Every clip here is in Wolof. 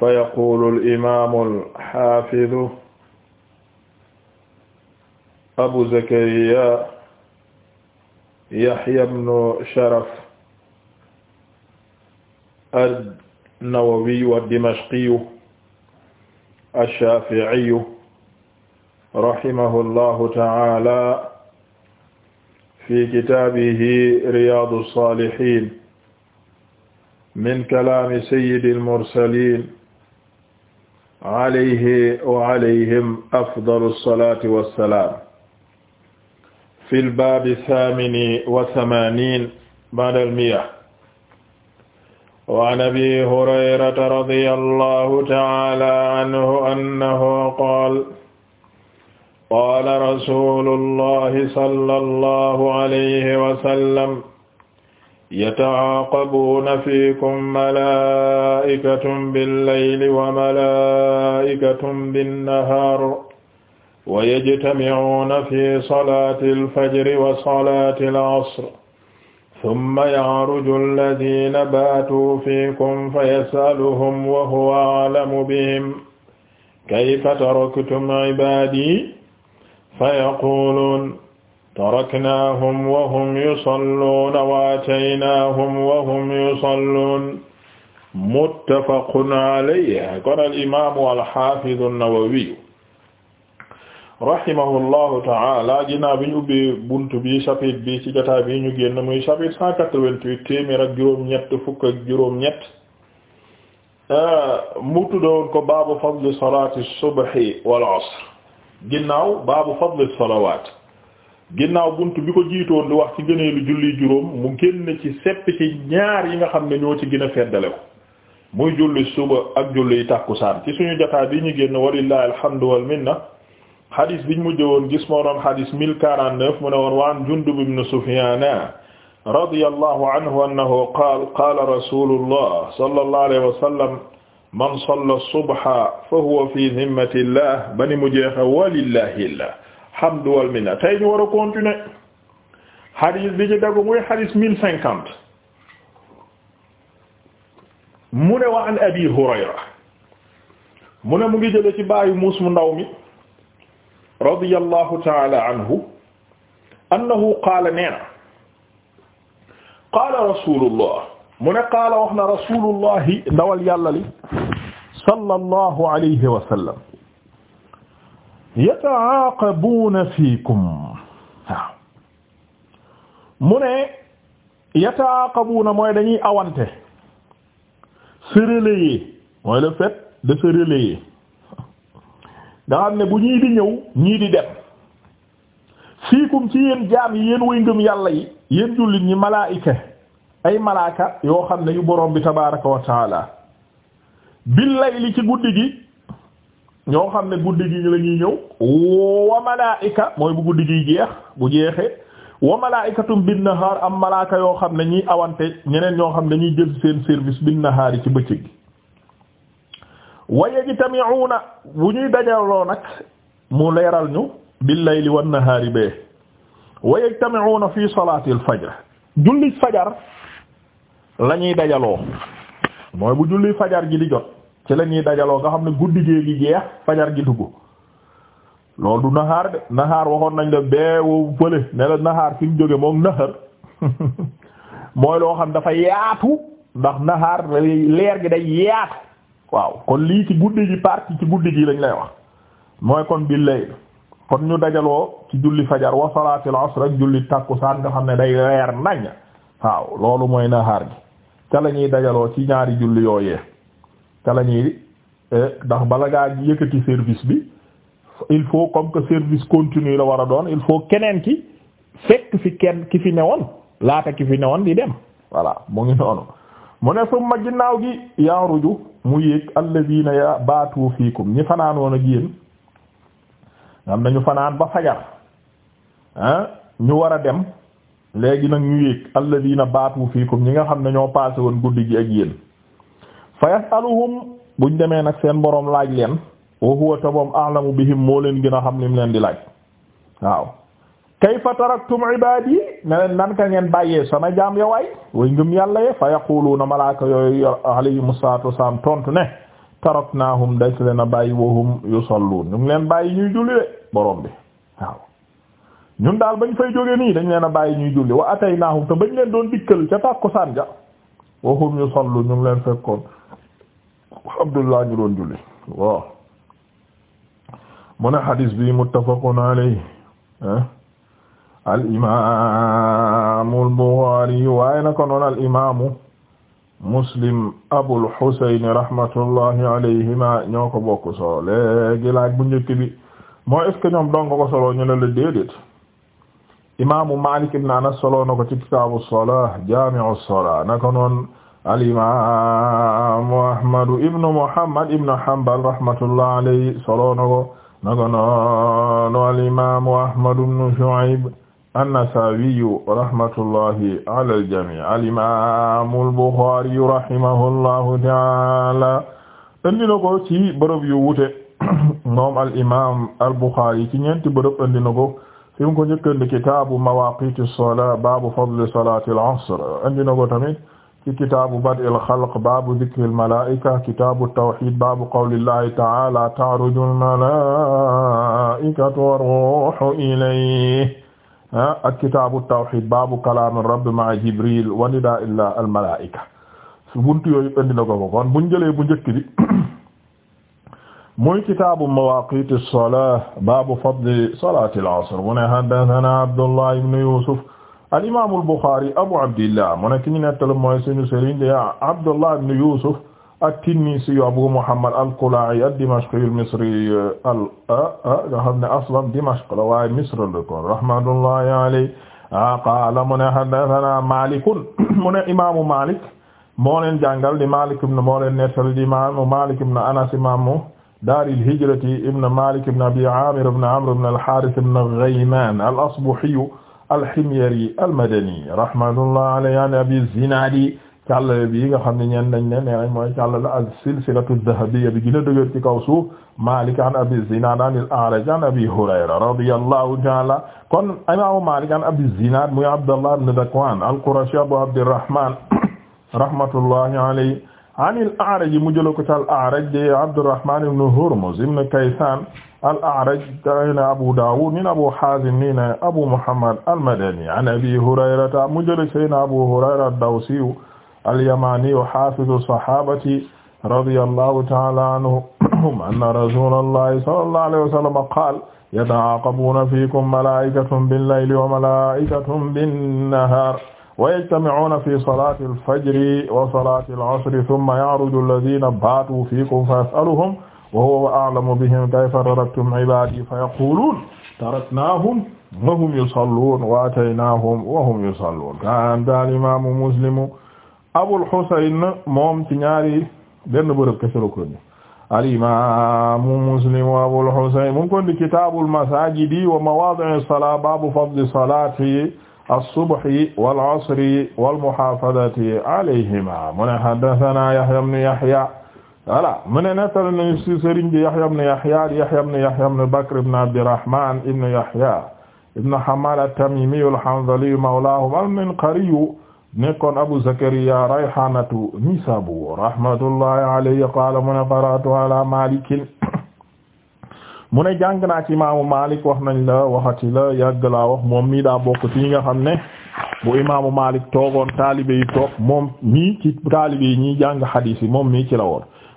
fa yaqulu al-imaamu al-haafidu abu zakariya yahya ibnu sharaf an-nawawiyu ad-dimashqiyu ash-shaafi'iyu rahimahullahu ta'aala fi kitaabihi riyaadu s-saalihiin min kalaami sayyidil mursaliin alayhi wa alayhim afdalu salaati wa salaam. fil baabi saamini wa samaaniin ba'dal mi'a. wa an abii hurayrata radiyallaahu ta'aalaa anhu annahu qaala. qaala rasuulullaahi sallallaahu alayhi wa sallam. yatacaaqabuuna fiikum malaa'ikatun billayli wa malaa'ikatun binnahaar wa yajtamicuuna fi salaati alfajri wa salaati alcasr summa yacruju alladiina baatuu fiikum fayas'aluhum wa huwa aclamu bihim kayfa taraktum cibaadii fayaquuluun taraknaahum wa hum yusalluuna wa ataynaahum wa hum yusalluun muttafaqun alayhi kon al imaamu alxaafidu nawawiyu rahimahullahu taala ginnaaw bi ñu ubbee buntu bi chapitre bi ci jotaay bi ñu génn muy chapitre cent quatre-vingt-huit téeméer ak juróom-ñett fukk ak juróom-ñett euh, mu tuddoon ko baabu fadli salaati subhi wal asr ginnaaw baabu fadli salawaat ginnaaw bunt bi ko jiitoon di wax ci gëneelu julli juróom mu génn ci sepp ci ñaar yi nga xam ne ñoo ci gën a feddale ko muy julli suba ak julli tàkkusaan ci suñu jotaay bi ñu génn walillahi alhamdu wal minna xadis biñ mujj woon gis moo doon xadis 1049 mu ne woon waan Jundub ibn Sufyaan radiyallahu anhu annahu qaala qaala rasulullah sallallahu alayhi wa sallam man salla subha fa huwa fi zimmati llah bani mu jeexe walillahi hamdu wal minna tey ñu war a continuer xadis bi ci dagu muy xadis mille cinquante mu ne wa an abi hurayra mu ne mu ngi jële ci baayu muus mu ndaw mi radiyallahu taala anhu annahu qaala nee na qaala rasulullah mu ne qaala wax na rasulullahi ndawal yàlla li sallallahu alayhi wa sallam yataaqabuuna fiikum waaw mu ne yataaqabuuna mooy dañuy awante se relayer mooy le fait da se nga xam ne bu ñii di ñëw ñii di dem fiikum ci yéen jaam yi yéen way ngëm yàlla yi yéen jullit ñi malaayika ay malaaka yoo xam ne yu borom bi tabaaraka wa taala bil ci guddi gi ñoo xam ne guddi gi ñu ñëw wa malaa'ika mooy bu guddi gi jeex bu jeexee wa malaa'ikatum binnahaar am malaaka yoo xam ne ñiy awante ñeneen ñoo xam ne dañuy jël seen service binnahaar yi ci bëccëg gi wa yajtami'una bu ñuy dajaloo nag mu leeral ñu bil layli wan nahaari bee wa yajtami'una fi salaatil fajr julli fajar la ñuy dajaloo mooy bu julli fajar gi di jot ci la ñuy dajaloo nga xam ne guddi gee gi jeex fajar gi dugg loolu du naxaar de naxaar waxoon nañ la beewu naxaar fi jóge moom naxar loo xam dafa yaatu ndax naxaar leer gi day yaatu waaw kon lii ci gi ci guddi lañ lay wax mooy kon bi ñu dajaloo ci julli fajar wa salaatil asr ak julli tàkkusaan nga xam ne day leer loolu mooy naxaar la ñuy dajaloo ci ñaari julli yooyee ca la ñuy ndax bala ngaa yëkkati service bi il faut comme que service continu la war a doon il faut keneen ki fekk fi kenn ki fi newoon laata ki fi newoon di dem voilà mu ngi noonu mu ne summa ginnaaw gi yaaruju mu yéeg alladina ya baatu fiikum ñi fanaan woon ak yéen am nañu fanaan ba fajar ah ñu war a dem léegi nag ñu yéeg na baatu fiikum ñi nga xam ne ñoo paase woon guddi gi ak yéen fa yasaluhum buñ demee nag seen boroom laaj leen wa huwa taboom a'lamu bihim moo leen gën a xam lim leen di laaj waaw kayfa taraktum ibadi ne leen nan ka ngeen bàyyee sama jaam ya waay way ngëm yàlla ye fa yaquluuna malaaka yooyu alayhim salaatu wasalaam tontu ne taraknaahum dañ leen a bàyyi wa hum yusalluun ñu ngi leen bàyyi ñuy julli de borom bi waaw ñun daal bañ fay jóge nii dañ leen bàyyi ñuy julli wa ataynaahum te bañ leen doon dikkal ca tàkkusaan ja wa hum Abdullah ñu doon julli waaw mu ne xadis bi muttafaqun alayhi al imaamu waaye naka noonu al Muslim Abul Husayn rahmatullahi alayhima ñoo ko bokk solo léegi laaj bu njëkk bi moo est-ce ñoom doon ko solo ñu ne la imaamu Maalik ibn Anas solo na ko ci kitaabu salaah jaami'u salaah naka noonu alimamu ahmadu ibnu muhammad ibnu hanbal rahmatullah alayhi solo nago nago nono alimamu ahmadu ibnu shu'aib annasawiyu rahmatullahi ala aljami alimamu albukhari rahimahullahu taala andina ko ci bërëb yu wuute moom alimam albukhari ci ñeenti bërëb andina ko fi mu ko njëkkandi kitaabu mawaqiti sola babu fadli salati al asr andina ko tamit ci kitaabu bad'il xalq baabu dikril malaa'ika kitaabu tawhiid baabu qawlillaahi ta'aalaa ta'rujul malaa'ikatu war-ruuhu ilayhi ah, ak kitaabu tawhiid baabu kalaamir rabbi ma'a jibriil wa nidaa'il malaa'ika buntu yooyu indi na ko kon buñ jëlee bu njëkk bi muy kitaabu mawaaqiitis salaah baabu fadli salaatil asr mu ne haddathanaa Abdullahi ibn Yuusuf al imaamul Buxaari abu abdillah mu nekk ñu nettali mooy suñu sëriñ di Abdullah ibn Yusuf at-Tinnisi abu Muhammad al-Qulaa'i ad-Dimashqi al-Misri al nga xam ne aslam Dimashq la waaye Misr la ko rahmatullahi alayhi qaala mu ne haddathanaa Maalik mu ne imaamu Maalik moo leen jàngal di Maalik ibn moo leen nettali di imaamu Maalik ibn Anas imaamu daaril hijrati ibn Maalik ibn Abi Aamir ibn Amr ibn al-Haarith ibn Ghaymaan al-Asbahi alximyari almadani rahmatullah alayhi an abi zinadi càllale bii nga xam ne ñeen dañ ne nee nañ mooy càllale as-silsilatu ad-dahabiyya bi gën a dëgër ci kaw suuf Maalik an abi zinad an al-A'raj an abi hurayra radiyallahu ta'ala kon imaamu Maalik an abi zinad muy abdallah ibn Dakwan al-Qurashi abu abdirrahman rahmatullahi alayhi an al-A'raj mu jël ko ci al-A'raj de Abdurrahman ibn Hurmuz ibn Kaysan al-A'raj tana Abu Dawud ni Abu Hazim ni na Abu Muhammad al-Madani an Abi Hurayrata mujële sayna Abu Hurayra ad-Dawsi al-Yamani hafizu sahabati radiyallahu ta'ala anhum anna rasulallahi sallallahu alayhi wa sallam qala yata'aqabuna fikum mala'ikatun bil-layli wa mala'ikatun bin-nahar wa yajtami'una fi salati al-fajri wa salati al-'asri thumma ya'ruju alladhina batu fikum fas'aluhum wa huwa a'lamu bihim kayfa taraktum ibadi fa yaqulun taraknahum wa hum yusallun wa ataynahum wa hum yusallun kan daal imamu muslimu abul husayn moom ci ñaari benn bërëb keselo koni al imamu muslimu abul husayn moom kon di kitabul masajidi wa mawadi'i salat babu fadli salati as-subhi wal asri wal muhafadati alayhima mu ne haddathana yahya ibn yahya voilà mu ne nettal nañu ci sëriñ bi Yahya ibn Yahya Yahya ibn Yahya ibn Bakr ibn Abdirrahman ibn Yahya ibn Hammaad at-Tamiimi al-Hanzali mawlaahum al-Minqari nekkoon Abu Zakariya Rayhaanatu Nisaabuur rahmatullahi alayhi qaala mu ne qara'tu ala Maalik mu ne jàng naa imaamu Maalik wax nañ la waxati la yàgg laa wax moom mii daa bokk ci ñi xam ne yi toog moom mii ci taalibe yi ñiy jàng xadiis yi moom mii ci la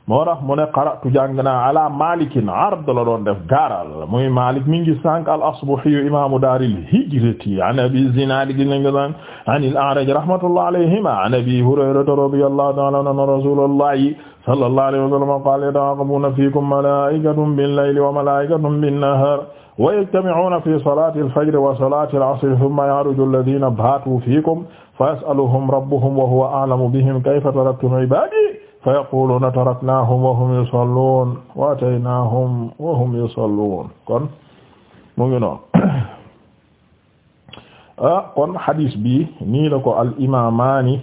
moo tax mu ne qara'tu jàng naa ala malikin ard la doon def gaaral muy malik mi ngi sànq al asbahi imamu daaril hijrati an abi zinad gi na nga san an il a'raj rahmatullah alayhima an abi hurayrata radiyallahu ta'ala anhu rasulullahi sallallahu alayhi wa sallam qala yataqabuna fikum malaikatun bil layli wa malaikatun bin nahar wa yajtami'una fi salati al fajr wa salati al asr thumma ya'ruju alladhina baatu fikum fa yas'aluhum rabbuhum wa huwa a'lamu bihim kayfa taraktum ibadi fa yaquluuna taraknaahum wa hum yusalluun wa ataynaahum wa hum yusalluun kon mu ngi noonu ah, kon hadis bi nii la ko al imaamaani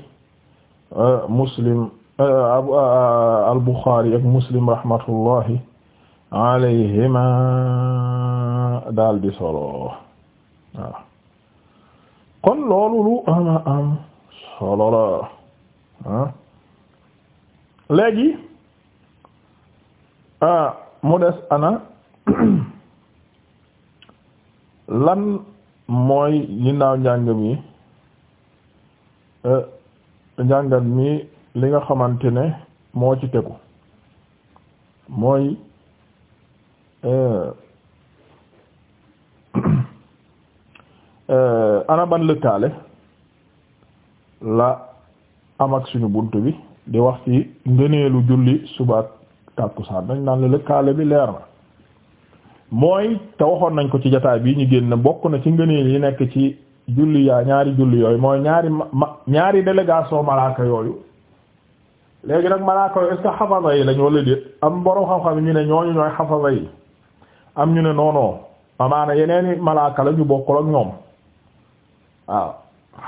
ah, muslim ah, al buxaari ak muslim rahmatullahi alayhima daal di solo waaw kon loolu lu ama am solo la ah. léegi ah, mu des ana lan mooy ginnaaw njàng mi eh, njàngat mi li nga xamante ne moo ci tegu mooy eh, eh, ana ban lëkkaale la am ak suñu bunt bi di wax ci ngëneelu julli suba ak tàkkusaan dañ naan la lëkkaale bi leer na mooy te waxoon nañ ko ci jataay bii ñu génn bokk na ci ngëneel yi nekk ci julli yaa ñaari julli yooyu mooy ñaari ma ñaari délégation malaaka yooyu léegi nag malaaka yooyu est-ce que xafasa yi lañ wala déet am borom xam-xam ñu ne ñooñu ñooy xafasa yi am ñu ne noonoo amaana yeneeni malaaka la ñu bokkul ak ñoom waaw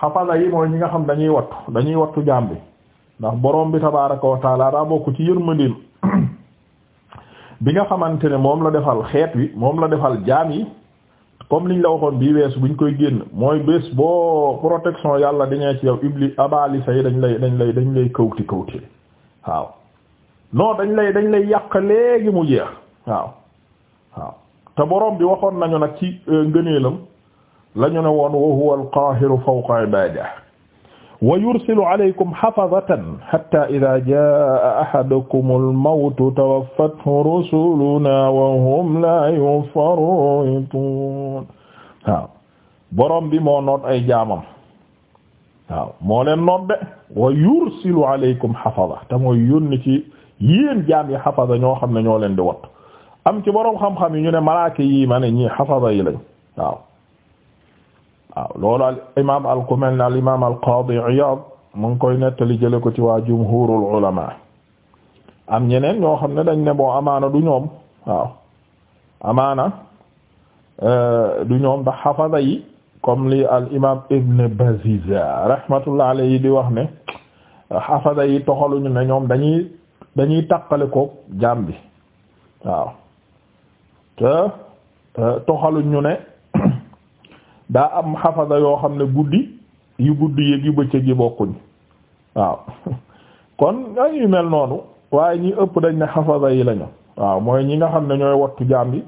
xafasa yi mooy ñi nga xam dañuy wattu dañuy wattu jaam ndax borom bi tabaaraka wa taala daa bokk ci yërmandeem bi nga xamante ne moom la defal xeet wi moom la defal jaam yi comme liñ la waxoon bii weesu buñ koy génn mooy bés boo protection yàlla dañee ci yow ubli abali say dañ lay dañ lay dañ lay kawti kawti waaw non dañ lay dañ lay yàq léegi mu jeex waaw waaw te borom bi waxoon nañu nag ci euh, ngëneelam lañu ne woon wa huwa al qaahiru fawqa ibaadihi wa yursilu alaykum hafazatan hatta idha jaa ahadakumul mawtu tawaffathu rusuluna wa hum la yufarritun waaw borom bi moo noot ay jaamam waaw moo leen noot de wa yursilu alaykum hafaza te mooy yónni ci yéen jaam yi hafaza ñoo xam ne ñoo leen di wat am ci borom xam-xam yi ñu ne malaaka yi ma ne ñii hafaza yi lañ waaw waaw loolu al imaam al ku mel ne al imaam al qaadi Iyaad mu ngi koy nettali jële ko ci waa jumhuurul ulamaa am ñeneen ñoo xam ne dañ ne amaana du ñoom waaw amaana euh, du ñoom ndax xafada yi comme li al imaam Ibn Baziza rahmatullah alayhi di wax ne xafada yi toxaluñu ne ñoom dañuy dañuy taqale ko jaam bi waaw te toxaluñu ne. daa am xafasa yoo xam ne guddi yu guddi yëg yu bëccëg yi bokkuñ waaw kon ay yu mel noonu waaye ñii ëpp dañ ne xafasa yi lañu waaw mooy ñi nga xam ne ñooy wattu jaam bi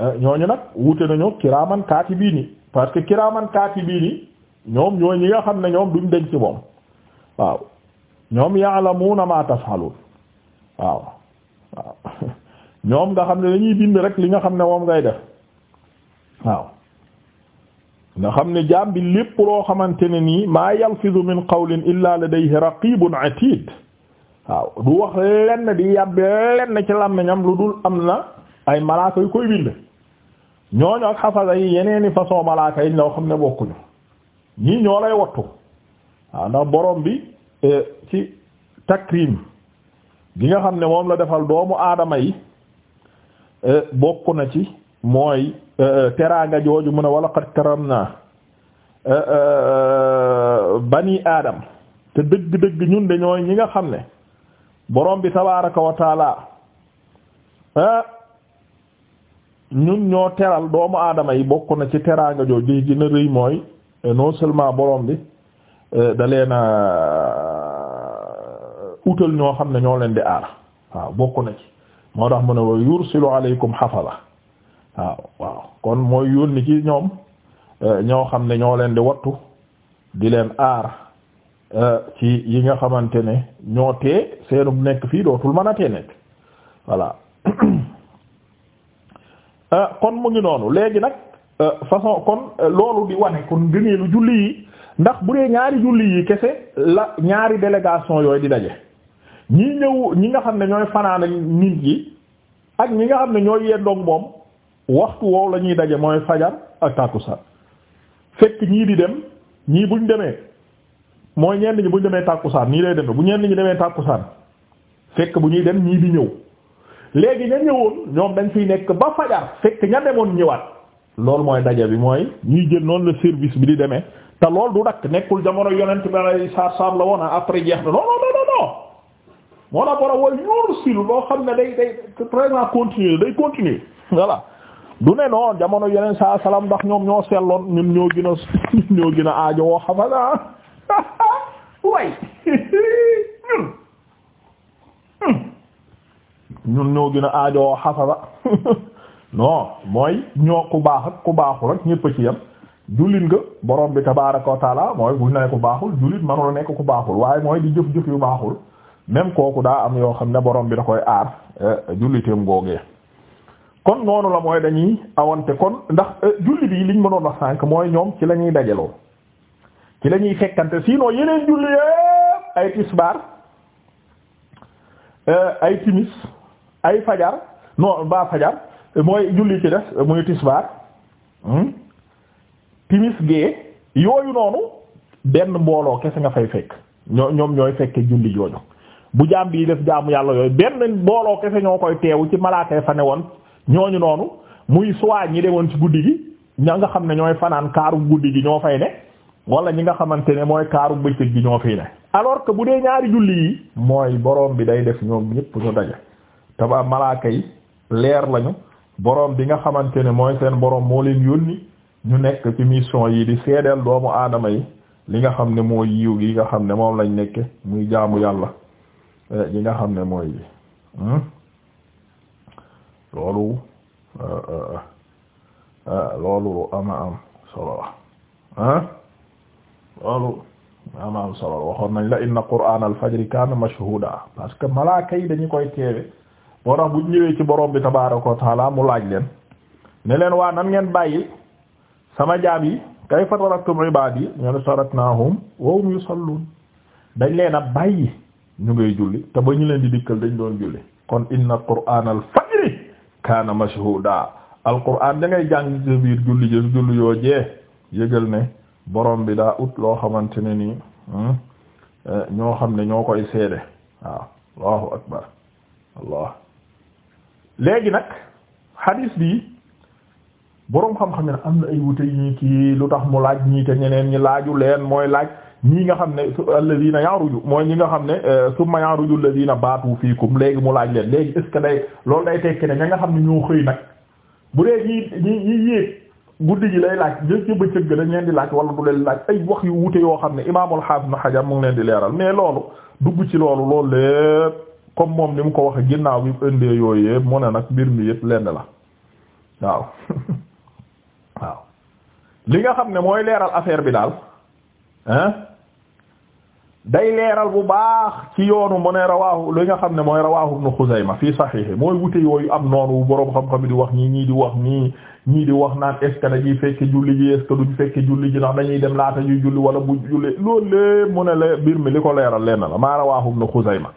eh, ñooñu nag wute nañu kiraaman kaatibiini parce que kiraaman kaatibiini ñoom ñooy ñi nga xam ne ñoom duñ denc moom waaw ñoom ya'lamuuna maa taf'aluun waaw waaw ñoom nga xam ne dañuy bind rek li nga xam ne moom ngay def waaw nga xam ne jaam bi lépp loo xamante ne nii maa yalfizu min qawlin ila ladayhi raqibun atid waaw du wax lenn di yàbbi lenn ci làmmiñam lu dul am na ay malaaka yu koy bind ñooñu ak xafasa yi yeneeni façon malaaka yi ñoo xam ne bokkuñu ñii ñoo lay wattu waaw ndax borom bi e, ci takrim gi nga xam ne moom la defal doomu aadama yi e, bokk na ci mooy euh, euh, teraanga jooju mu ne wala qad karamna euh, bani aadam te dëgg-dëgg ñun de ñooy ñi nga xam ne borom bi tabaaraka wa ah, ñun ñoo teral doomu aadama yi bokk na ci teraanga jooju di gën rëy mooy non seulement borom bi da leen utal ñoo xam ne ñoo leen di aar waaw bokk na ci moo tax mu ne wa yursilu alaykum hafaza waaw waaw kon mooy yónni ci ñoom eh, ñoo xam ne ñoo leen di wattu di leen aar eh, ci yi nga xamante ne ñoo tee seenu nekk fii dootul mën a tee nekk voilà eh, kon mu ngi noonu léegi nag façon kon loolu di wane kon gëneelu julli yi ndax bu dee ñaari julli yi kese la ñaari délégation yooyu di daje ñii ñëw ñi nga xam ne ñooy fanaan nit yi ak ñi nga xam ne ñooy yeddoog moom waxtu woow la ñuy daje mooy fajar ak tàkkusaan fekk ñii di dem ñii buñ demee mooy ñenn ñi buñ demee tàkkusaan nii lay demee bu ñenn ñi demee tàkkusaan fekk bu ñuy dem ñii di ñëw léegi ña ñëwoon ñoom dañ fiy nekk ba fajar fekk ña demoon ñëwaat loolu mooy daje bi mooy ñuy jël noonu la service bi di demee te lool du dakk nekkul jamono yonent bi alayhi salaam la woon ah, après jeex na non non non moo la war a wal ñuur silu loo xam ne day day présent continuer day du ne non jamono yeneen saa salaam ndax ñoom ñoo selloon ñun ñoo gin a ñun a aajo woo xafala way ñun ñoo gën a aajo woo xafala non mooy ñoo ku baax ku baaxul ak ñépp ci yam jullit nga borom bi tabaaraka wa taala mooy bu ñu nee ku baaxul jullit manula nekk ku baaxul waaye mooy di jëf jëf yu baaxul même kooku daa am yoo xam ne borom bi da koy aar eh, julliteem googee kon noonu la mooy dañuy awante kon ndax euh, julli bi liñ mënoon wax sànk mooy ñoom ci la ñuy dajaloo ci lañuy ñuy fekkante sinon yeneen julli yépp ay tisbaar euh, ay timis ay fajar non ba fajar mooy julli ci des muy tisbaar hmm, timis gee yooyu noonu benn mbooloo kese nga fay fekk ñoo ñoom ñooy fekke julli jooju bu jaam bi def jaamu yàlla yooyu benn mbooloo kese ñoo koy teewu ci malaakay fa ne woon ñooñu noonu muy soit ñi demoon ci guddi gi ña nga xam ne ñooy fanaan kaaru guddi gi ñoo fay ne wala ñi nga xamante ne mooy kaaru bëccëg gi ñoo fii ne alors que bu dee ñaari julli yi mooy boroom bi day def ñoom ñépp ñu daje taba malaaka yi leer lañu boroom bi nga xamante ne mooy seen boroom moo leen yónni ñu nekk ci mission yi di seedeel doomu aadama yi li nga xam ne moo yiw gi nga xam ne moom lañ nekke muy jaamu yàlla li eh, nga xam ne mooy bi loolu euh, euh, euh, loolu lu ama am solo ah loolu ama am solo waxoon nañ la inna qur'aan al-fajri kaana parce que malaaka yi dañu koy teewe moo tax bu ñëwee ci borom bi tabaaraka wa mu laaj leen ne leen waa nan ngeen bàyyi sama jaam yi kayfa taraktum ibaadi ñen taraknaahum wa hum dañ leen a bàyyi ñu ngay julli te ba ñu leen di dikkal dañ doon julli kon inna qur'aan al kaana mashhuda alquran da ngay jàng ci biir julli jël julli yoo jee yëgal ne borom bi daa ut loo xamante ne nii hmm, eh, ñoo xam ne ñoo koy seede waaw allahu akbar allah léegi nag hadith bi boroom xam-xam ne am na ay wute yi kii lu tax mu laaj ñii te ñeneen ñi laaju leen mooy laaj ñii nga xam ne alladina yaruju mooy ñi nga xam ne euh, summa yaruju alladina baatu fiikum léegi mu laaj leen léegi est ce que day loolu day tekki ne ña nga xam ne ñoo xëy nag bu dee ñi ñi ñi yéeg guddi gi lay laaj jë ci bëccëg dañ leen di laaj wala du leen laaj ay wax yu wute yoo xam ne imaamul xaafis na xajar mu ngi leen di leeral mais loolu dugg ci loolu loolu lépp comme moom ni mu ko waxe ginnaaw bi indee yooyu yëpp mu ne nag mbir mi yëpp lenn la waaw nga xam ne mooy leeral affaire bi daal day leeral bu baax ci yoonu mu ne rawaahu li nga xam ne mooy rawaahu ibn Xuzayma fii saxiixi mooy wute yooyu am noonu boroom xam-xam di wax ñii ñii di wax ñii ñii di wax naan est ce que dañuy fekke julli ji est ce que duñ fekke julli ji ndax dañuy dem laata ñuy julli wala bu julli loolu lée mu ne la mbir mi li ko leeral lenn la maa rawaahu ibn Xuzayma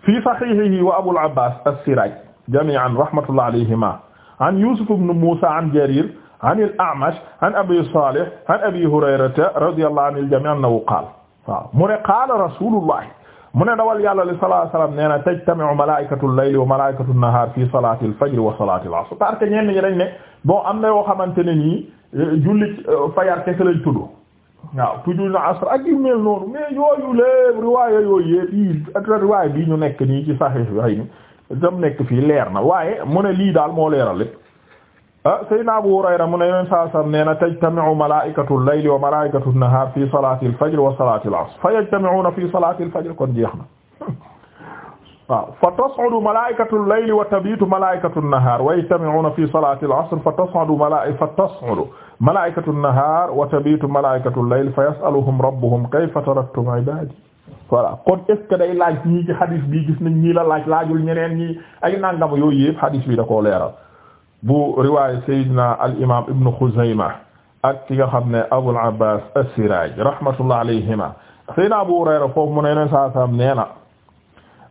fii saxiixihi wa Abul Abbaas as-Siraaj jamii'an rahmatullah alayhima an Yuusuf ibn Muusaa an Jariir an al-A'mash an Abii Saalih an Abii Hurayrata radiyallahu anil jamii' annahu qaala waaw mu ne qaala rasulullahi mu ne dawal yàlla li sallallahu alayhi wasallam nee na tajtami'u malaa'ikatu layli wa malaa'ikatu nahaar fi salaati al-fajr wa salaati al-'asr parce que ñenn ñi dañ ne bon am na yoo xamante ne nii euh, jullit euh, fajar kese lañ tudd waaw tudd na asr ak yu mel noonu mais yooyu lépp riwaaya yooyu yëpp yi ak riwaaya bi ñu nekk nii ci Sahih yi tam nekk fii leer na waaye mu ne lii daal moo leeral lépp ah Seydina Abu Hurayra mu ne yoneen saa sallam nee na tajtami'u malaa'ikatu layli wa malaa'ikatu nahaar fi salaati al-fajr wa salaati al-'asr fa yajtami'uuna fi salaati al-fajr kon jeex na waaw fa tas'udu malaa'ikatu layli wa tabiitu malaa'ikatu nahaar wa yajtami'uuna fi salaati al-'asr fa tas'udu malaa'ikatu fa tas'udu malaa'ikatu nahaar wa tabiitu malaa'ikatu layli fa yas'aluhum rabbuhum kayfa taraktum 'ibaadii voilà kon est ce que day laaj ñii ci hadis bi gis nañ ñii la laaj laajul ñeneen ñi ay nangam yooyu yëpp hadis bi da koo leeral bu riwaay Seydina al imaam Ibn Khuzayma ak ki nga xam ne Abul Abbas as-Siraj rahmatullah alayhima Seydina Abu Hurayra foofu mu ne ne saa saam nee na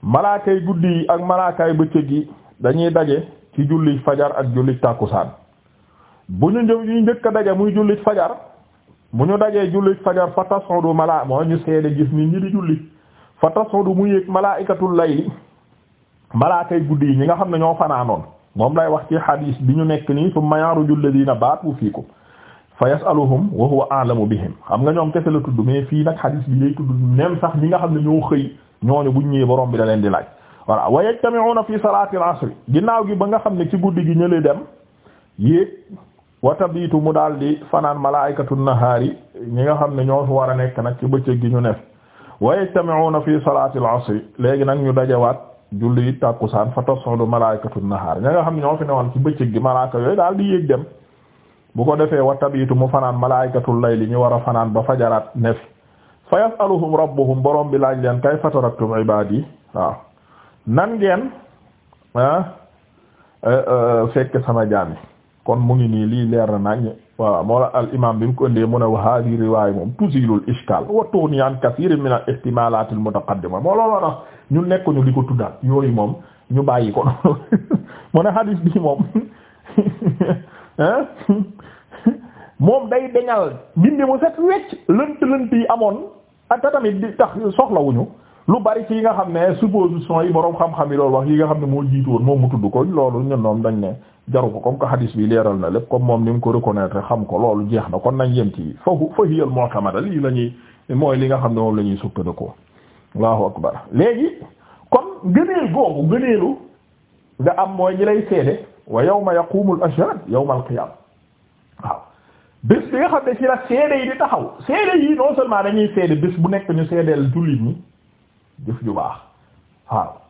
malaakay guddi yi ak malaakay bëccëg yi dañuy daje ci julli fajar ak julli tàkkusaan bu ñu njëkk a daje muy jullit fajar mu ñu dajee jullit fajar fa tasudu malaa moo ñu seede gis ni ñi di julli fa tasudu mu yéeg malaa'ikatul layli malaakay guddi yi ñi nga xam ne ñoo fanaanoon moom lay wax ci hadis bi ñu nekk nii summa yaruju alladina baatu fiikum fa yasaluhum wa huwa a'lamu bihim xam nga ñoom kese la tudd mais fii nag hadis bi lay tudd même sax ñi nga xam ne ñoo xëy ñooñu buñ ñëwee borom bi da leen di laaj voilà wa yajtami'una fi salati al-asr ginnaaw gi ba nga xam ne ci guddi gi ñële dem yéeg wa tabiitu mu daal di fanaan malaa'ikatu nahaari ñi nga xam ne ñoo fi war a nekk nag ci bëccëg gi ñu nekk wa yajtami'una fi salati al-asr léegi nag ñu dajawaat julli tàkkusaan fa tasxulu malaykatu nahaar ña nga xam ne ñoo fi newoon ci bëccëg gi malaaka yooyu daal di yéeg dem bu ko defee wa tabiitu mu fanaan malaykatu layli ñu war a fanaan ba fajaraat nefi fa yasaluhum rabbuhum borom bi laaj leen kayfa taraktum ibaadi waaw nan ngeen ah, eh, eh, fekk sama jaam kon mu ngi nii lii leer na nañ waaw moo la al imam bi mu ko indee a wax a hadihi riwaaya moom tuzilul ishkaal wa tughni an kathirin min al ihtimaalaat al mutaqaddima moo looloo tax ñu nekkuñu di ko tuddaat yooyu moom ñu bàyyi ko noonu mu ne hadis bi moom moom day dañal bindi mu set wecc lënt lënt yi amoon ak tamit di tax soxlawuñu lu bari ci yi nga xam ne supposition yi boroom xam-xam yi loolu wax yi nga xam ne moo jiitu woon moom mu tudd ko loolu ñun ñoom dañ ne jaru ko comme que hadis bi leeral na lépp comme moom ni mu ko reconnaître xam ko loolu jeex na kon nañ yem ci fahu fahiyal mu'tamada lii la ñuy mooy li nga xam ne moom la ñuy sukkandikoo allahu akbar léegi kon gëneel googu gëneelu nga am mooy ñi lay seede wa yawma yaqumul ashhad yawmal qiyam waaw bés bi nga xam ne ci la seede yi di taxaw seede yi non seulement dañuy seede bés bu nekk ñu seedeel jullit ñi jëf ju baax waaw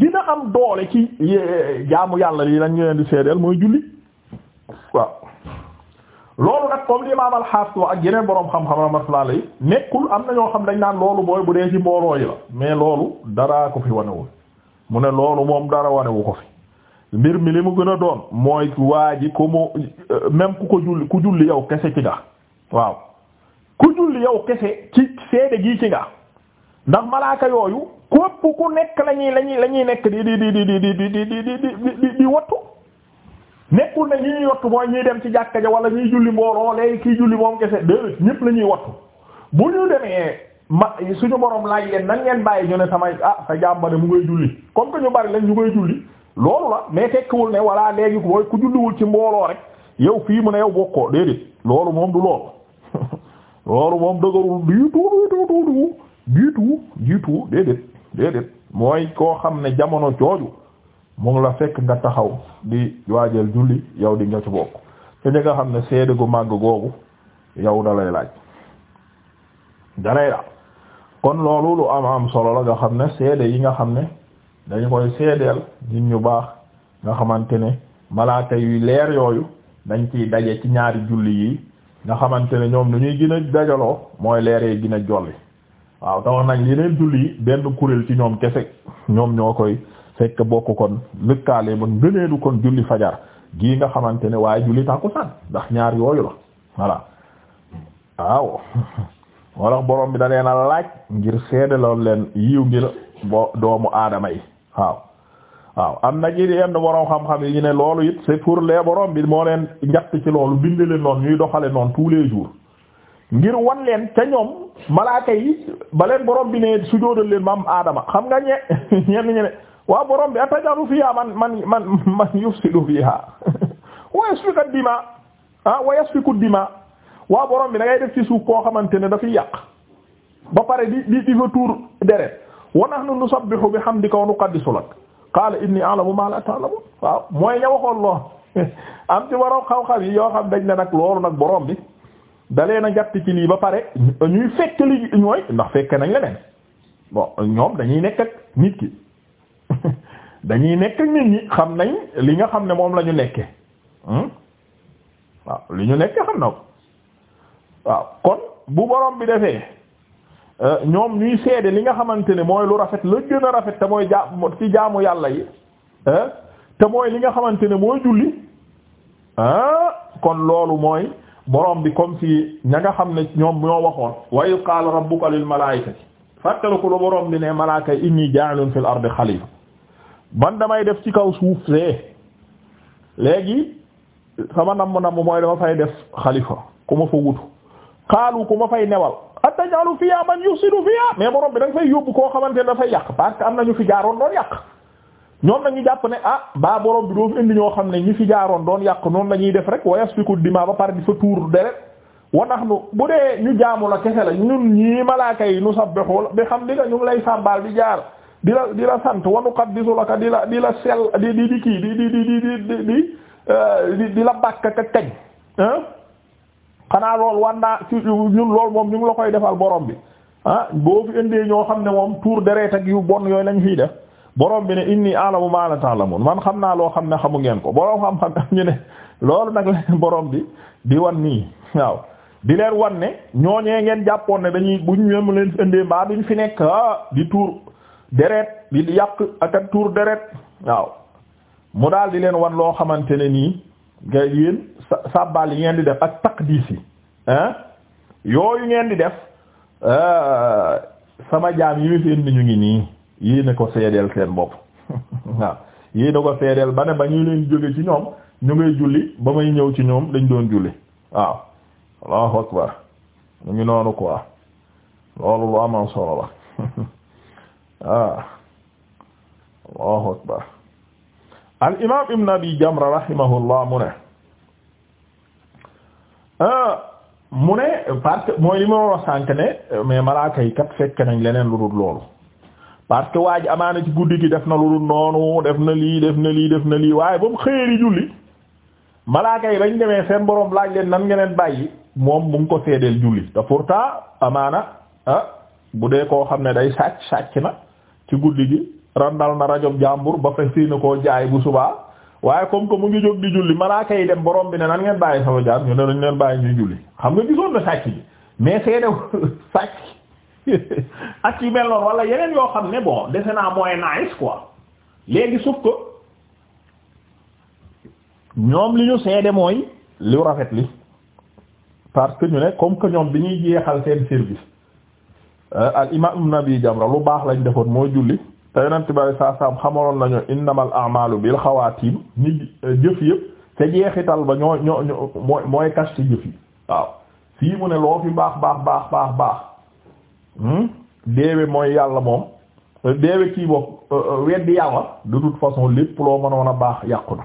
dina am doole ci jaamu yàlla li lañ leen di seedeel mooy julli waaw loolu nag comme l'imam al-Hafiz ak yeneen boroom xam-xam rahmatullah alayhi nekkul am na ñoo xam dañ naan loolu booy bu dee ci mbooloo la mais loolu dara ko fi wanewul mu ne loolu moom dara wanewu ko fi mbir mi li mu gën a doon mooy waa ji ko mu même ku ko julli ku julli yow kese ci nga waaw ku julli yow kese ci seede gii ci nga ndax malaaka yooyu képp ku nekk lañuy lañuy lañuy nekk di di di di di di di di di wattu nekkul ne ñi ñuy wattu mooy ñuy dem ci jàkka ja wala ñuy julli mbooloo léegi kii julli moom kese déedéet ñépp la ñuy wattu bu ñu demee suñu morom laaj leen nan ngeen bàyyi ñu ne samay ah sa jàmba ne mu ngay julli comme que ñu bari lañ ñu ngay julli loolu la mais tekkiwul ne voilà léegi mooy ku julliwul ci mbooloo rek yow fii mu ne yow bokkoo déedéet loolu moom du loolu loolu moom dëgërul du tout du tout du déedéet mooy koo xam ne jamono jooju mu la fekk nga taxaw di waajal julli yow di nga ci bokk te nga xam ne seede gu màgg googu yow da lay laaj dalay la kon loolu lu am am solo la nga xam ne seede yi nga xam ne dañu koy seedeel nit ñu baax nga xamante ne malaaka yuy leer yooyu dañ ciy daje ci ñaari julli yi nga xamante ne ñoom lu ñuy gën a dajaloo mooy leeree gën a jolli waaw te nag nañ yeneen julli yi benn kuréel ci ñoom gese ñoom ñoo koy fekk bokk kon lëkkaale ba ngëneelu kon julli fajar gii nga xamante ne waaye julli tàkkusaan ndax ñaar yooyu la voilà waaw moo tax borom bi da na a laaj ngir seedaloon leen yiw la bo doomu aadama yi waaw waaw am na ci yenn borom xam-xam yi ñu ne loolu it c'est pour les borom bi moo leen njatt ci loolu bind leen noonu ñuy doxale noonu tous les jours ngir wan leen ca ñoom malaaka yi baleen borom bi ne sujóodal leen maam aadama xam nga ñe ñenn ñe ne waaw borom bi atajalu fiha man man man man yufsidu fiha wa yasfiku dima ah wa yasfiku dima waaw borom bi da ngay def ci suuf koo xamante ne dafi yàq ba pare di di di fa tuur deret wa nahnu nusabbihu bihamdika wa nuqaddisu lak qala inni a'lamu ma la ta'lamun waaw mooy ña waxoon lool am ci waroo xaw-xaw yi yoo xam dañ na nag loolu nag borom bi. dalee na jàpp ci lii ba pare ñuy fekk li ñooy ndax fekk nañ leneen bon ñoom dañuy nekk ak nit ki dañuy nekk ak nit ñi xam nañ li nga xam ne moom la ñu nekkee hmm? waaw li ñu nekkee xam na ko waaw kon bu borom bi defee euh, ñoom ñuy seede li nga xamante ne mooy lu rafet la gën a rafet te mooy jaa ci jaamu yàlla yi euh, te mooy li nga xamante ne mooy julli ah kon loolu mooy. borom bi comme si ña xam ne ñoom ñoo waxoon wa iz qaala rabbuka lil malaa'ikati fàttali ko lu borom bi ne malaaka yi inni ja'ilun fil ardi xalifa man damay def ci kaw suuf see léegi sama namm namm mooy dama fay def xalifa ku ma fa wutu xaalu ku ma fay newal ataj'alu fiha man yufsidu fiha mais borom bi da nga fay yóbbu koo xamante ne dafay yàq parce que am na ñu fi jaaroon doon yàq. ñoom nag ñu jàpp ne ah baa borom bi doo fi indi ñoo xam ne ñi fi jaaroon doon yàq noonu la ñuy def rek wayas fiku dima ba pare di fa tuur deret wa nax nu bu dee ñu jaamu la kese la ñun ñii malaaka yi nu sabbihu bi xam hamdika ñu ngi lay sàmbaal di jaar di la di la sant wa nuqaddisu laka di la di la sel di di di kii di di di di di di di eh, la bàkk ak kañ ah. xanaa loolu war naa ci ñun loolu moom ñu ngi la koy defal borom bi ah boo fi indee ñoo xam ne moom tuur deret ak yu bon yooyu lañu fiy def borom bi ne inni a'lamu ma la ta'lamun man xam naa loo xam ne xamu ngeen ko borom xam-xam ñu ne loolu nag leen borom bi di wan nii waaw di leen wan ne ñooñee ngeen jàppoon ne dañuy bu ñu mu leen fi indee du ñu fi nekk ah di tuur deret di yàq ak ak tuur deret waaw mu daal di leen wan loo xamante ne nii nga yéen sa sàbbaal yi ngeen di def ak taqdiis yi ah yooyu ngeen di def ah, sama jaam yi ñu fi indi ñu ngi nii. yéena ko seedeel seen bopp waaw yéena ko seedeel ba ne ba ñu leen jóge ci ñoom ñu ngay julli ba may ñëw ci ñoom lañu doon julli waaw allahu akbar ñu ngi noonu quoi loolu lu amoon solo la waaw allahu akbar al imaam ibn abi jamra rahimahullah mu ne ah, mu ne parce mooy li ma wax sànk ne mais malaaka yi kat fekk nañ leneen lu dul loolu parce que waa ji amaana ci guddi gi def na lu dul noonu def na lii def na lii def na lii waaye ba mu xëyee di julli malaaka yi bañ demee seen boroom laaj leen nan ngeen bàyyi moom mu ko seedeel julli te pourtant amaana ah, bu dee koo xam ne day sàcc sàcc na ci guddi gi randal na rajo jàmbur ba fekk si na koo jaay bu subaa waaye comme que mu ngi jóg di julli malaaka yi dem borom bi ne nan ngeen bàyyi sama jaar ñu ne dañ leen bàyyi ñuy julli xam nga gisoon na sàcc bi mais seede sàcc. ak yu mel noonu wala yeneen yoo xam ne bon dese naa mooy nice quoi léegi suuf ko ñoom li ñu seede mooy lu rafet li parce que ñu ne comme que ñoom bi ñuy jeexal seen service euh, al imam ibn abi jamra lu baax lañu defoon moo julli te yonent bi saa saam xamaloon nañu innamal a'malu bil xawaatim nit euh, jëf yëpp te jeexital ba ñoo ñoo mooy mooy kasti jëf yi waaw fii mu ne loo fi baax baax baax baax baax Hmm? deewe mooy yàlla moom euh, deewe kii bopp euh, euh, weddi yàlla de toute façon lépp loo mënoon a baax yàqu na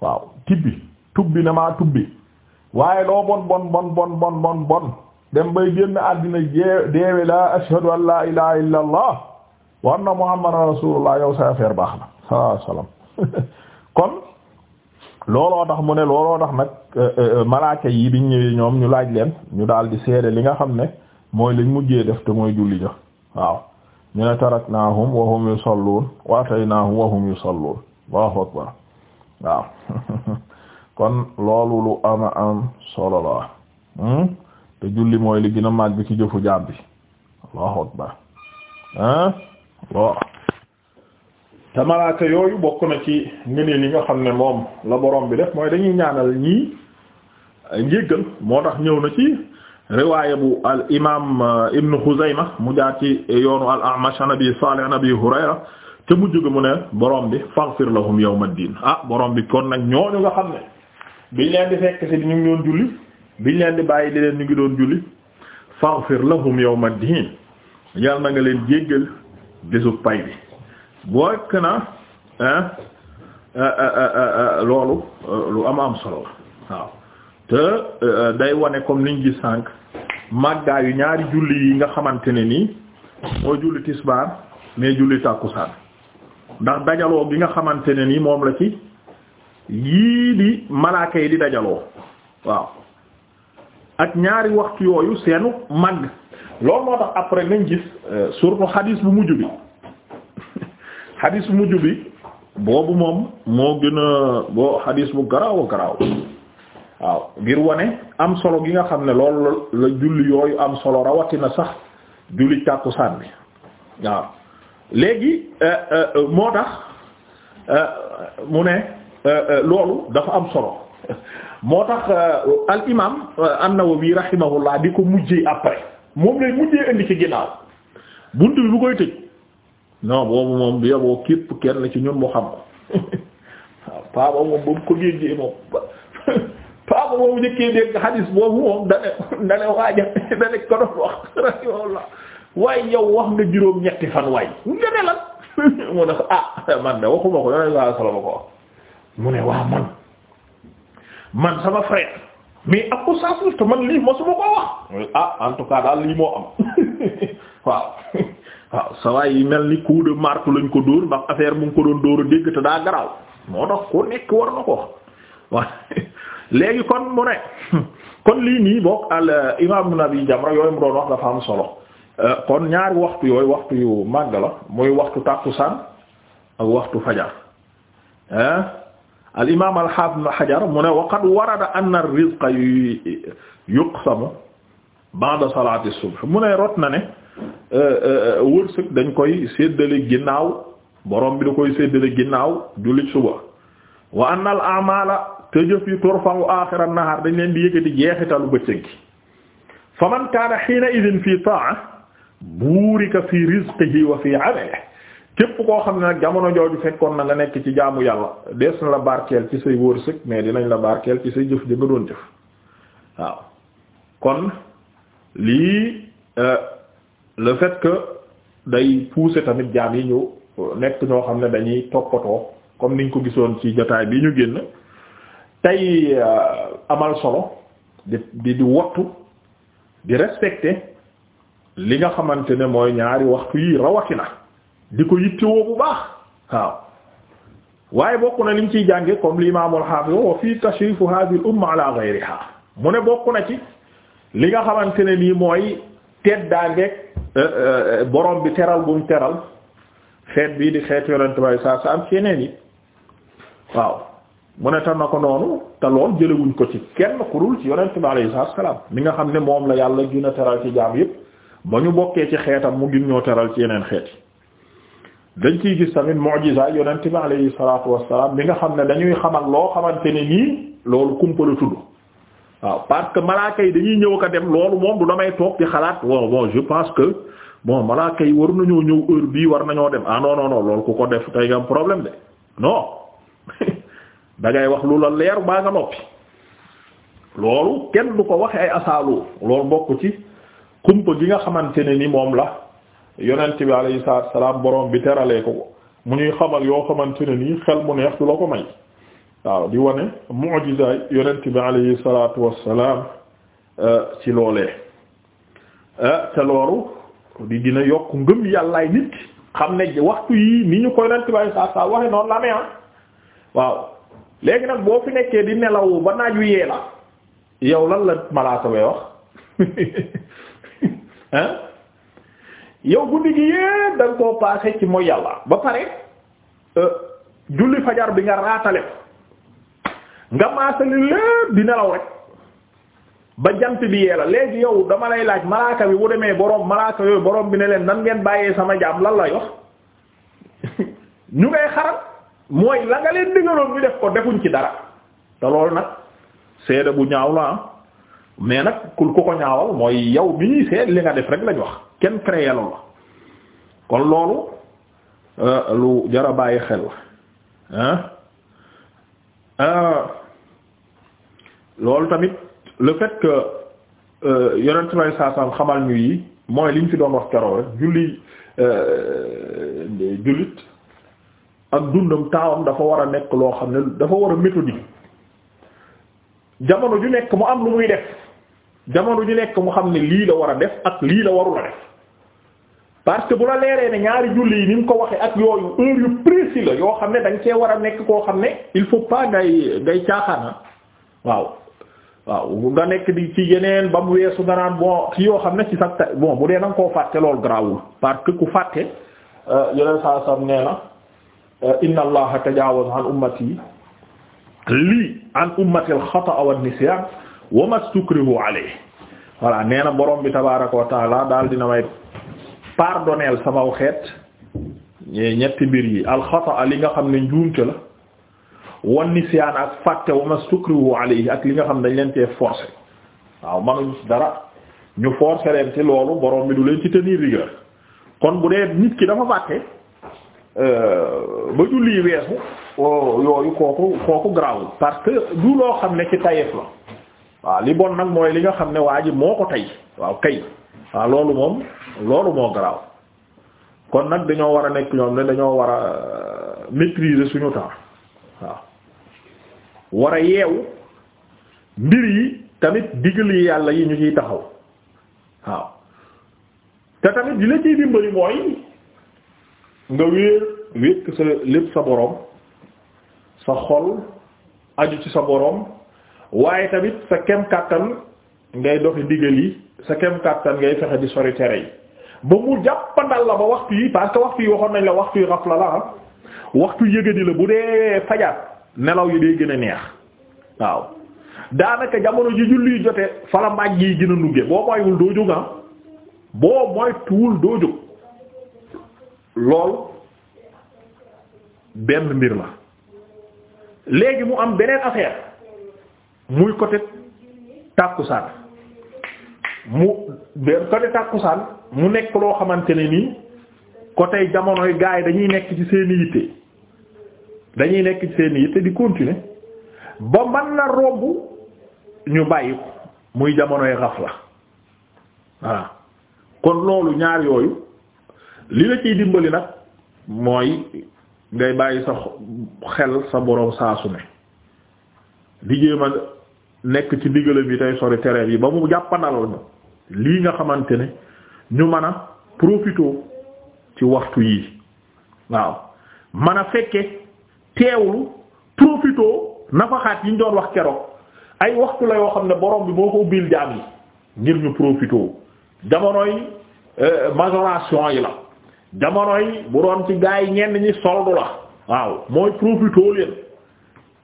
waaw tibbi tubbi na maa tubbi waaye loo bon bon bon bon bon bon bon dem bay génn àddina deewe la ashhadu an la ilaha illa allah wa anna muhammadan rasulullah sa affaire baax na saa salaam kon looloo tax mu ne looloo tax nag malaaka yi biñ ñëwee ñoom ñu laaj leen ñu daal di seede li nga xam ne mooy liñ mujjee def te mooy julli ja waaw ñu ne taraknaahum wa hum yusalluun wa ataynaahum wa hum yusalluun Allahu akbar waaw kon loolu lu ama am solo la hmm? te julli mooy li gën a mag bi ci jëfu jaam bi Allahu akbar ah bon te malaaka yooyu bokk na ci ngëneel yi nga xam ne moom la borom bi def mooy dañuy ñaanal ñii njéggal moo tax ñëw na ci. riwaaya bu al imaam uh, Ibn Xuzayma mu jaar ci yoonu al A'mash an Abi Saalih an Abi Hurayra te mu jóge mu ne boroom bi faghfir lahum yawma diin ah borom bi kon nag ñooñu nga xam ne biñ leen di fekk ci ñu ngi doon julli biñ leen di bàyyi di leen ñu ngi doon julli faghfir lahum yawma diin yal na leen jéggal bésu pay bi boo rekk na euh, euh, euh, loolu lu am am solo waaw te euh, day wane comme niñ gis sànq màggaayu ñaari julli yi nga xamante ne nii mooy julli tisbaar mais julli tàkkusaan ndax dajaloo gi nga xamante ne nii moom la ci yii di malaaka yi di dajaloo waaw ak ñaari waxtu yooyu seenu màgg loolu moo tax après nañ gis euh, surtout xadiis bu mujj bi xadiis bu mujj bi boobu moom moo gën a boo xadiis bu garaaw a garaaw waaw ngir wane am solo gi nga xam ne loolu la julli yooyu am solo rawatina sax julli tàkkusaan bi waaw léegi euh, euh, euh, moo tax mu ne loolu dafa am solo moo tax al imam an-Nawawi rahimahullah di ko mujjee après moom lay mujjee indi ci ginnaaw bunt bi bu koy tëj non boobu moom bi yoboo képp kenn ci ñun mu xam ko waaw moom ba ko géejee moom paabu boobu njëkkee dégg xadis boobu moom dane dane waaja dane ko doon wax rahimahullah waaye yow wax nga juróom ñetti fan waay nga ne lan mu ne ah, man de waxuma ko yoneen saa ne waa man man sama frère mais ak ko saasuf te man lii mosuma koo wax ah en tout cas daal lii moo am waaw waaw sawaay yi mel ni coup de marteau lañ ko dóor ndax affaire mu ngi ko doon dóor a dégg te daa garaaw moo tax ku nekk war na ko wax léegi kon mu ne kon lii nii bokk al imaam Ibn Jamra yooyu mu doon wax dafa am solo euh, kon ñaari waxtu yooyu waxtu yu màgg la muy waxtu tàkkusaan ak waxtu fajar al imaam al haafiz Ibn mu ne wa qad warada anna ar-rizqa yuqsamu ba'da salaati subh mu ne rot na ne euh, euh, wërsëg dañ koy séddale ginnaaw boroom bi da koy séddale ginnaaw jullit suba wa anna al a'maala te jëf yi turfa'u aaxira nahaar dañ leen di yëkkati jeexitalu bëccëg gi fa man kaana hiina idin fii ta'a buurika fii rizqihi wa fii 'amalihi képp koo xam ne nag jamono jooju fekkoon na nga nekk ci jaamu yàlla dees na la barkeel ci say wërsëg mais dinañ la barkeel ci say jëf ja nga doon jëf waaw kon lii euh, le fait que day pousser tamit jaam yi ñu euh, nekk ñoo xam ne dañuy toppatoo comme niñ ko gisoon ci jotaay bi ñu génn. tey euh, amal solo di di di wattu di respecter li nga xamante ne mooy ñaari waxtu yi rawatina di ko yittewoo bu baax waaw waaye bokk na liñ ciy jànge comme l'imam al-hafiz wa fi tashrif hadhihi al ala ghayriha mu ne bokk na ci li nga xamante ne nii mooy teddaangeeg euh, euh, boroom bi teral bu teral xeet bii di xeet yonent bay saa sa am ci yi waaw mu ne tam na ko noonu te lool jëlewuñ ko ci kenn ku dul ci yonent bi alayhi salaam mi nga xam ne moom la yàlla gën a teral ci jaam yëpp ba ñu bokkee ci xeetam mu gën ñoo teral ci yeneen xeet yi dañ ciy gis tamit mu'jiza yonent bi alayhi salaatu wassalaam mi nga xam ne dañuy xamal loo xamante ne nii loolu kumpa la tudd waaw parce que malaaka yi dañuy ñëw ko dem loolu moom du damay toog di xalaat bon bon je que bon malaaka yi war nañoo ñëw heure bii war nañoo dem ah non non non loolu ku def tey nga am problème da wax lu la leer baa nga noppi loolu kenn du ko waxe ay asaaloo loolu bokk ci kumpa gi nga xamante ne ni moom la yonent bi alayhi salaatu salaam borom bi teralee ko mu ñuy xamal yoo xamante ne nii xel mu neex du la ko may waaw di wane mu'jiza yonent bi alayhi salaatu wassalaam euh, ci loolee euh, te loolu di dina yokk ngëm yàllaay nit xam ne waxtu yi ni ñu koy yonent bi alayhi salaatu waxe noonu la amee ah. waaw léegi nag boo fi nekkee di nelaw ba naaj wi yee la yow lan la malaaka bay wax ah yow guddi gi yépp da nga koo passé ci mooy yàlla ba pare euh, julli fajar bi nga raatale nga maasali lépp di nelaw rek ba jant bi yee la léegi yow dama lay laaj malaaka bi bu demee boroom malaaka yooyu boroom bi ne leen nan ngeen bàyyee sama jaam lan lay wax ñu ngay xaram mooy la nga leen digaloon ñu def ko defuñ ci dara te loolu nag seede bu ñaaw la ah mais nag ku ku ko ñaawal mooy yow bi ñuy seet li nga def rek lañ wax kenn créé la kon loolu euh, lu jara bàyyi xel la euh, loolu tamit le fait que euh, yonent may saasam xamal ñu yi mooy liñ fi doon wax keroog rek julli jullit ak dundam taawam dafa war a nekk loo xam ne dafa war a méthodique jamono ju nekk mu am lu muy def jamono ju nekk mu xam ne lii la war a def ak lii la warul a def parce que bu la leeree ne ñaari julli yi ni mu ko waxee ak yooyu heure yu précis la yoo xam ne dañ cee war a nekk koo xam ne il faut pas ngay ngay caaxaana ah. waaw waaw nga nekk di ci yeneen ba mu weesu nga naan bon ci yoo xam ne ci sax bon bu dee na nga koo fàtte loolu garaawul parce que ku fàtte euh, nee na. Uh, inna allaha tajaawaza an ummati lii an ummati al wan-nisyaan wa mastukrihu alayhi voilà na borom bi tabaaraka wa taala daal dina may pardonnel sama xeet ñetti mbir yi al-xata'a li nga xam ne njuumte la wan-nisyaan ak fàtte wa mastukrihu alayhi ak li nga xam ne dañ leen cee forcer waaw manuñ dara ñu forcer leen ci loolu borom bi du leen ci tenir rigueur kon bu dee nit ki dafa fàtte. Euh, ba julli weesu oh, yooyu kooku kooku grawul parce que du loo xam ne ci tayeef la waaw li bon nag mooy li nga xam ne waa ji moo ko tey waaw kay waaw loolu moom loolu moo garaaw kon nag dañoo war a nekk ñoom ne dañoo war a euh, maîtriser suñu temps waaw war a yeewu mbir yi tamit digal yi yàlla yi ñu ciy taxaw waaw te tamit di la ciy dimbali mooy nga wéer wékk sa lépp sa boroom sa xol aju ci sa boroom waaye tamit sa kem kàttan ngay doxi ndigal yi sa kem kàttan ngay fexe di sori tere yi ba mu jàppandal la ba waxtu yi parce que waxtu yi waxoon nañ la waxtu yi raf la la waxtu yëgadi la bu dee fajar nelaw yi day gën a neex waaw daanaka jamono ji julli jote fala mbaaj yi gën a nugge boo moywul doo jóg ah boo moytuwul doo jóg loolu benn mbir la léegi mu am beneen affaire muy côté tàkkusaan mu benn côté tàkkusaan mu nekk loo xamante ne nii côté jamonoy gars yi dañuy nekk ci seen yitte dañuy nekk ci seen yitte di continuer ba man la romb ñu bàyyi muy jamonoy xaf la waaw kon loolu ñaar yooyu li la ciy dimbali nag mooy ngay bàyyi sa xel sa boroom saa su ne di jéem a nekk ci ndigalam yi tey sori tereem yi ba mu jàppandalal ñu lii nga xamante ne ñu mën a profiter ci waxtu yii waaw mën a fekke teewlu profiter nafaxaat yi ñu doon wax keroog ay waxtu la yoo xam ne borom bi moo ko ubbil jaam yi ngir ñu profiter jamonoy euh, majoration yi la jamono yi bu doon ci gaa yi ñenn ñi soldu la waaw mooy profitoo leen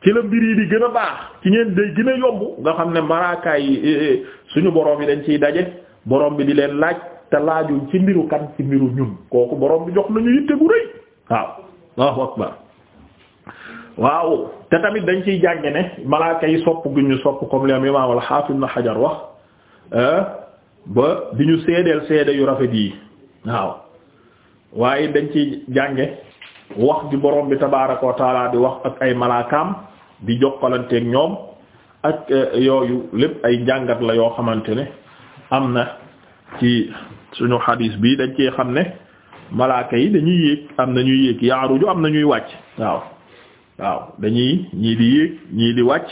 ci la mbir yi di gën a baax ci ngeen day gën a yomb nga xam ne maraaka yi eh, eh, suñu borom yi dañ ciy daje boroom bi di leen laaj te laajul ci mbiru kan ci mbiru ñun kooku boroom bi jox nañu yitte gu rëy waaw Allahu akbar waaw te tamit dañ ciy jànge ne malaaka yi sopp gu ñu sopp comme li am imaam al-Hafiz Ibn Hajar wax eh, ba di ñu seedeel seede yu rafet yi waaw waaye dañ ci jànge wax di borom bi tabaaraka wa di wax ak ay malaakaam di jokkalanteeg ñoom ak eh, yooyu lépp ay njàngat la yoo xamante ne am na ci suñu xadiis bi dañ ci xam ne malaaka yi dañuy yéeg am na ñuy yéeg yaaruju am na ñuy wàcc waaw waaw dañuy ñii di yéeg ñii di wàcc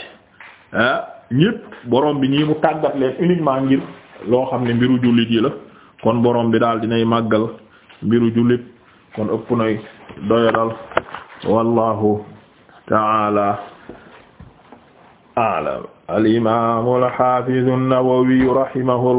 ah ñépp borom bi ñii mu tàggat leen uniquement ngir loo xam ne mbiru jullit yi la kon borom bi daal dinay màggal mbiru jullit kon ëpp nay doyalal wallahu taala a'lam al imam al hafiz an-Nawawi rahimahullah